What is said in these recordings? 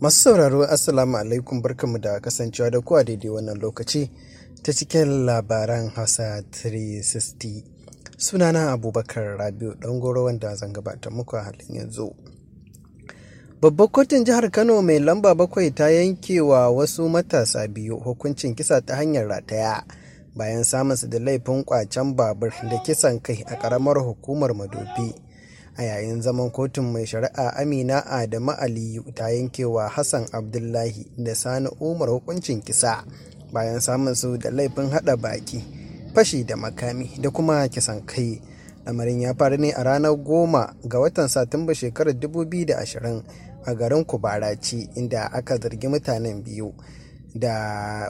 Masu sauraro Assalamu alaikum barkanmu da kasancewa da kuwa daidai wannan lokaci ta cikin labaran Hausa 360. Sunana Abubakar Rabiu Dangoro wanda zan gabata muku a halin yanzu. Babbar kotun jihar Kano mai lamba bakwai ta yanke wa wasu matasa biyu hukuncin kisa ta hanyar rataya bayan samun su da laifin kwacen babur da kisan kai a ƙaramar hukumar Madobi. a yayin zaman kotun mai shari'a amina adamu aliyu ta yankewa hassan abdullahi da sani umar hukuncin kisa bayan samun su da laifin hada baki fashi da makami da kuma kisan kai lamarin ya faru ne a ranar goma ga watan satumba shekarar 2020 a garin kubaraci inda aka zargi mutanen biyu da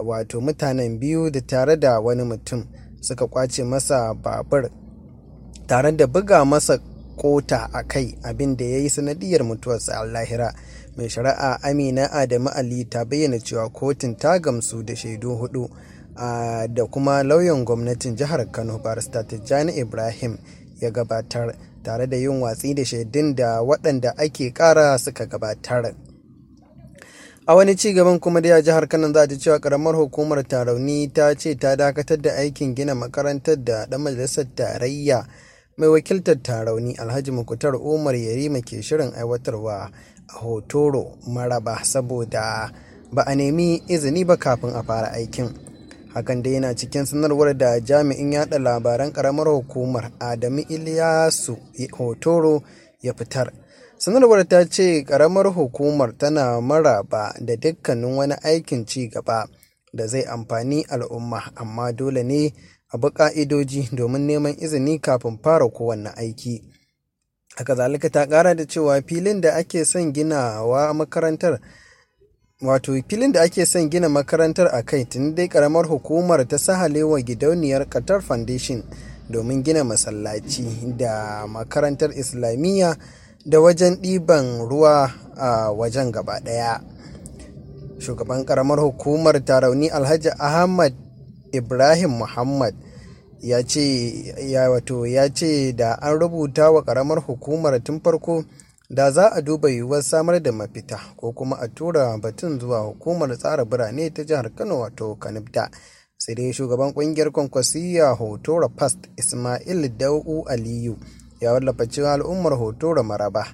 wato mutanen biyu da tare da wani mutum suka kwace masa babur tare da buga masa kota a kai abin da ya yi sanadiyar mutuwarsa a lahira mai shari'a amina adamu ali ta bayyana cewa kotun ta gamsu da shaidu hudu da kuma lauyan gwamnatin jihar kano barista tijjani ibrahim ya gabatar tare da yin watsi da shaidun da waɗanda ake kara suka gabatar a wani ci gaban kuma da jihar kano za ta cewa karamar hukumar tarauni ta ce ta dakatar da aikin gina makarantar da ɗan majalisar tarayya mai wakiltar tarauni alhaji mukutar umar yarima ke shirin aiwatarwa a hotoro maraba saboda ba a nemi izini ba kafin a fara aikin hakan da yana cikin sanarwar da jami'in yada labaran karamar hukumar adamu iliyasu hotoro ya fitar sanarwar ta ce karamar hukumar tana maraba da dukkanin wani aikin ci gaba da zai amfani al'umma amma dole ne a bi ƙa'idoji domin neman izini kafin fara kowanne aiki. Haka zalika ta ƙara da cewa filin da ake son ginawa makarantar wato filin da ake son gina makarantar a kai tun dai ƙaramar hukumar ta sahalewa gidauniyar Qatar Foundation domin gina masallaci da makarantar Islamiyya da wajen ɗiban ruwa a wajen gaba ɗaya. Shugaban ƙaramar hukumar ta rauni Alhaji Ahmad ibrahim muhammad ya ce wato ya ce da an rubuta wa karamar hukumar tun farko da za a duba yiwuwar samar da mafita ko kuma a tura batun zuwa hukumar tsara birane ta jihar kano wato kanibda sai dai shugaban kungiyar kwankwasiya hotora past ismail Da'u aliyu ya wallafa cewa al'ummar hotora maraba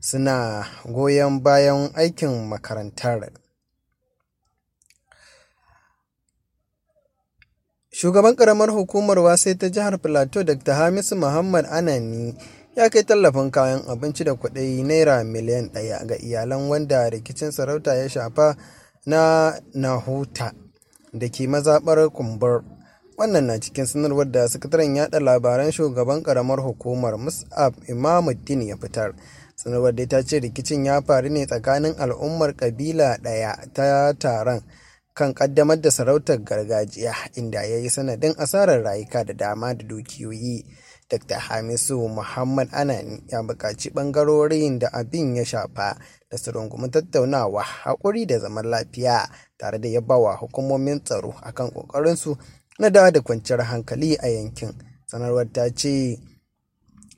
suna goyon bayan aikin makarantar Shugaban karamar hukumar wasai ta jihar plateau Dr. Hamisu Muhammad Anani ya kai tallafin kayan abinci da kuɗi naira miliyan ɗaya ga iyalan wanda rikicin sarauta ya shafa na Nahuta da ke mazaɓar kumbar. Wannan na cikin sanarwar da sakataren yaɗa labaran shugaban karamar hukumar Mus'ab Imamuddin ya fitar. Sanarwar da ta ce rikicin ya faru ne tsakanin al'ummar ƙabila ɗaya ta taron. kan kaddamar da sarautar gargajiya inda ya yi sanadin asarar rayuka da dama da dukiyoyi dr hamisu muhammad anani ya buƙaci ɓangarorin da abin ya shafa da su rungumi tattaunawa haƙuri da zaman lafiya tare da yabawa hukumomin tsaro a kan ƙoƙarinsu na dawa da kwanciyar hankali a yankin sanarwar ta ce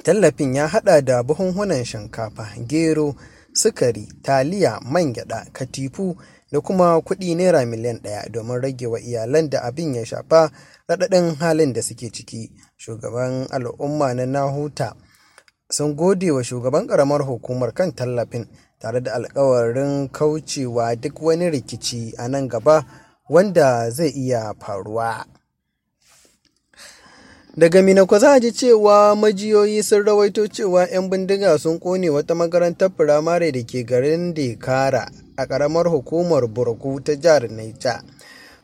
tallafin ya haɗa da buhunhunan shinkafa gero sukari taliya man gyaɗa katifu da kuma kuɗi naira miliyan ɗaya domin rage wa iyalan da abin ya shafa raɗaɗin halin da suke ciki shugaban al'umma na nahuta sun gode wa shugaban ƙaramar hukumar kan tallafin tare da alkawarin kaucewa duk wani rikici a nan gaba wanda zai iya faruwa. Daga Minako za a ji cewa majiyoyi sun rawaito cewa 'yan bindiga sun kone wata makarantar firamare da ke garin Dekara a ƙaramar hukumar Burku ta jihar Naija.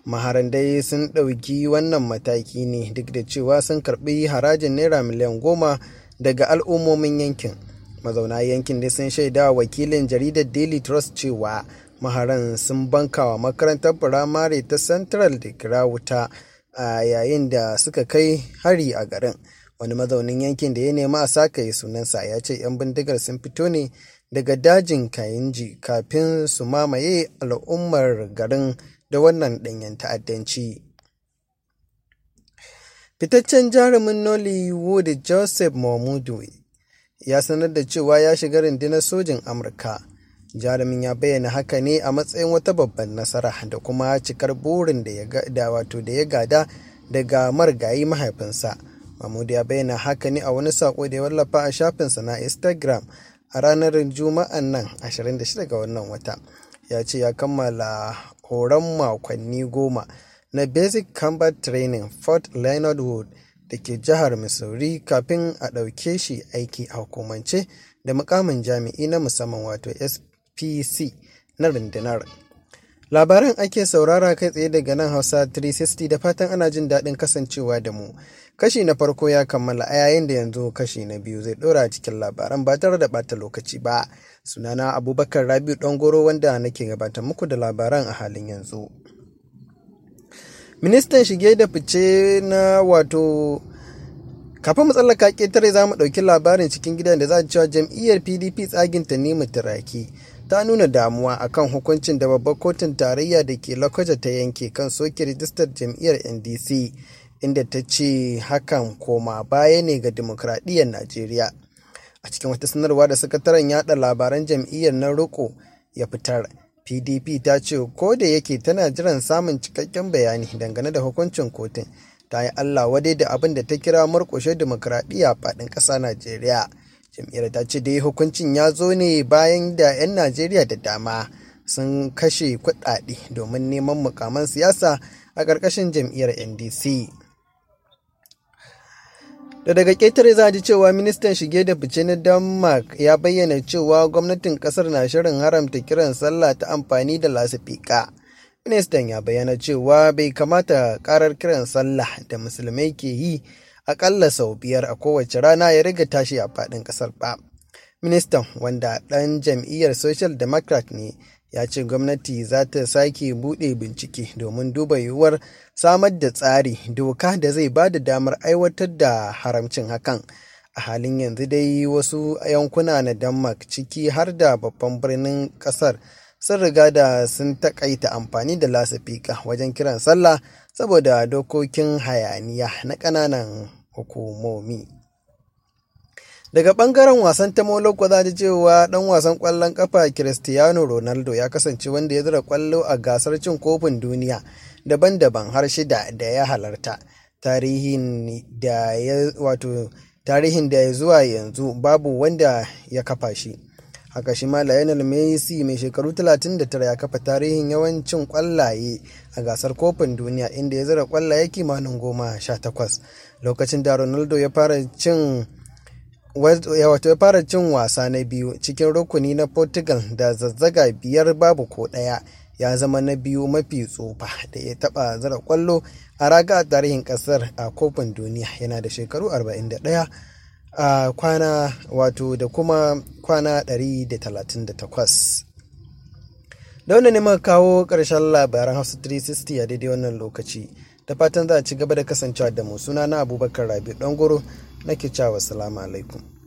Maharandai sun ɗauki wannan mataki ne duk da cewa sun karɓi harajin naira miliyan goma daga al'ummomin yankin. Mazauna yankin dai sun shaida wakilin jaridar Daily Trust cewa maharan sun bankawa makarantar firamare ta Central Dekara wuta. a yayin da suka kai hari a garin wani mazaunin yankin da ya nema a yi sunansa ya ce 'yan bindigar sun fito ne daga dajin kayinji kafin su mamaye al'ummar garin da wannan ɗanyen ta'addanci fitaccen jarumin nollywood joseph mahmudu ya sanar da cewa ya shiga rundunar sojin amurka jarumin ya bayyana haka ne a matsayin wata babban nasara da kuma cikar burin da wato da ya gada daga marigayi mahaifinsa mahmud ya bayyana haka ne a wani sako da ya wallafa a shafinsa na instagram a ranar juma'an nan 26 ga wannan wata ya ce ya kammala horon makonni goma na basic combat training fort leonard wood da ke jihar missouri kafin a ɗauke shi aiki a hukumance da mukamin jami'i na musamman wato sp pc na rundunar. Labaran ake saurara kai tsaye daga nan Hausa 360 da fatan ana jin daɗin kasancewa da mu. Kashi na farko ya kammala a yayin da yanzu kashi na biyu zai ɗora cikin labaran ba tare da ɓata lokaci ba. Sunana Abubakar Rabiu goro wanda nake gabatar muku da labaran a halin yanzu. Ministan shige da fice na wato kafin matsalaka ƙetare za mu ɗauki labarin cikin gidan da za a cewa jam'iyyar pdp tsaginta ne mutaraki ta nuna damuwa akan hukuncin da babbar kotun tarayya da ke lokacin ta yanke kan soke rijistar jam'iyyar NDC inda ta ce hakan koma baya ne ga dimokuraɗiyyar Najeriya. A cikin wata sanarwa da sakataren yada labaran jam'iyyar na Roko ya fitar, PDP ta ce ko da yake tana jiran samun cikakken bayani dangane da hukuncin kotun ta yi Allah wadai da abin da ta kira murƙushe dimokuraɗiyya faɗin ƙasa Najeriya. jam'iyyar ta ce dai hukuncin ya zo ne bayan da 'yan najeriya da dama sun kashe kuɗaɗe domin neman mukaman siyasa a ƙarƙashin jam'iyyar ndc da daga ƙetare za ji cewa ministan shige da fice na denmark ya bayyana cewa gwamnatin ƙasar na shirin haramta kiran sallah ta amfani da lasifika ministan ya bayyana cewa bai kamata karar kiran sallah da musulmai ke yi akalla sau biyar a kowace rana ya riga tashi a faɗin ƙasar ba. Ministan wanda ɗan jam'iyyar Social Democrat ne ya ce gwamnati za ta sake buɗe bincike domin duba yiwuwar samar da tsari doka da zai ba da damar aiwatar da haramcin hakan. a halin yanzu dai wasu yankuna na denmark ciki har da babban birnin ƙasar sun riga da sun taƙaita amfani da lasafika wajen kiran sallah saboda dokokin hayaniya na ƙananan hukumomi. Daga ɓangaren wasan ta Moloko za ta cewa ɗan wasan ƙwallon ƙafa Cristiano Ronaldo ya kasance wanda ya zira ƙwallo a gasar cin kofin duniya daban-daban har shida da ya halarta. Tarihin da ya zuwa yanzu babu wanda ya kafa shi. haka shi ma lionel messi mai shekaru 39 ya kafa tarihin yawancin kwallaye a gasar kofin duniya inda ya zira kwallaye kimanin goma sha takwas lokacin da ronaldo ya fara cin wato ya fara cin wasa na biyu cikin rukuni na portugal da zazzaga biyar babu ko ɗaya ya zama na biyu mafi tsufa da ya taɓa zira kwallo a raga a tarihin ƙasar a kofin duniya yana da shekaru 41 a kwana wato da kuma kwana 138 da wanda ne muka kawo ƙarshen labaran hausa 360 a daidai wannan lokaci da fatan za a ci gaba da kasancewa da mu suna na abubakar rabi ɗangoro nake cewa salamu alaikum